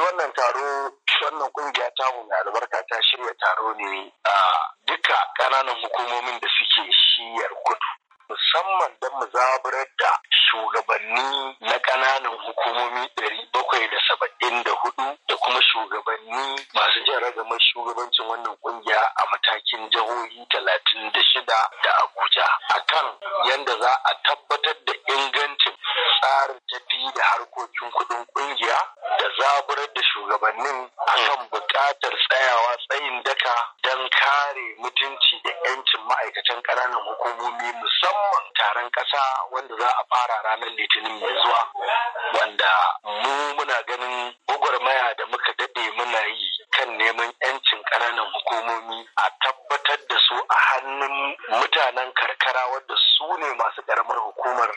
wannan taro wannan kungiya ta mu albarka ta shirya taro ne a duka kananan hukumomin da suke shiyar kudu musamman don mu zaburar da shugabanni na kananan hukumomi dari bakwai da saba'in da hudu da kuma shugabanni masu jin ragamar shugabancin wannan kungiya a matakin jihohi talatin da shida da abuja akan yadda za a tabbatar da in tsarin tafi da harkokin kuɗin ƙungiya da zaburar da shugabannin kan buƙatar tsayawa tsayin daka don kare mutunci da 'yancin ma'aikatan ƙananan hukumomi musamman taron ƙasa wanda za a fara ranar litinin mai zuwa wanda mu muna ganin gwagwarmaya da muka daɗe muna yi kan neman 'yancin ƙananan hukumomi a tabbatar da su a hannun mutanen karkara wanda su ne masu ƙaramar hukumar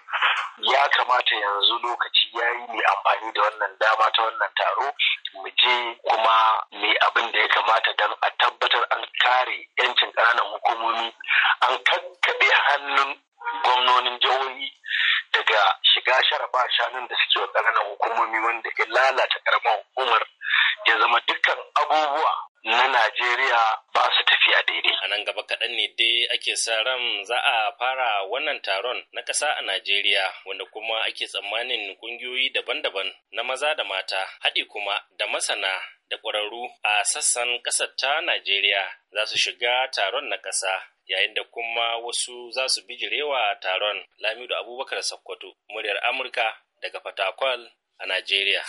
ya kamata yanzu lokaci ya yi mai amfani da wannan dama ta wannan taro mu je kuma mai abin da ya kamata don a tabbatar an kare 'yancin ƙananan hukumomi an kakkaɓe hannun gwamnonin jihohi daga shiga sharaba shanun da suke wa ƙananan hukumomi wanda ya lalata ƙaramar hukumar ya zama dukkan abubuwa na Najeriya ba su tafi. tafiya daidai. A nan gaba kaɗan ne dai ake sa ran za a fara wannan taron na ƙasa a Najeriya wanda kuma ake tsammanin ƙungiyoyi daban-daban na maza da mata haɗi kuma da masana da ƙwararru a sassan ƙasar ta Najeriya za su shiga taron na ƙasa yayin da kuma wasu za su bijirewa taron Lamido Abubakar Sokoto muryar Amurka daga Fatakwal a Najeriya.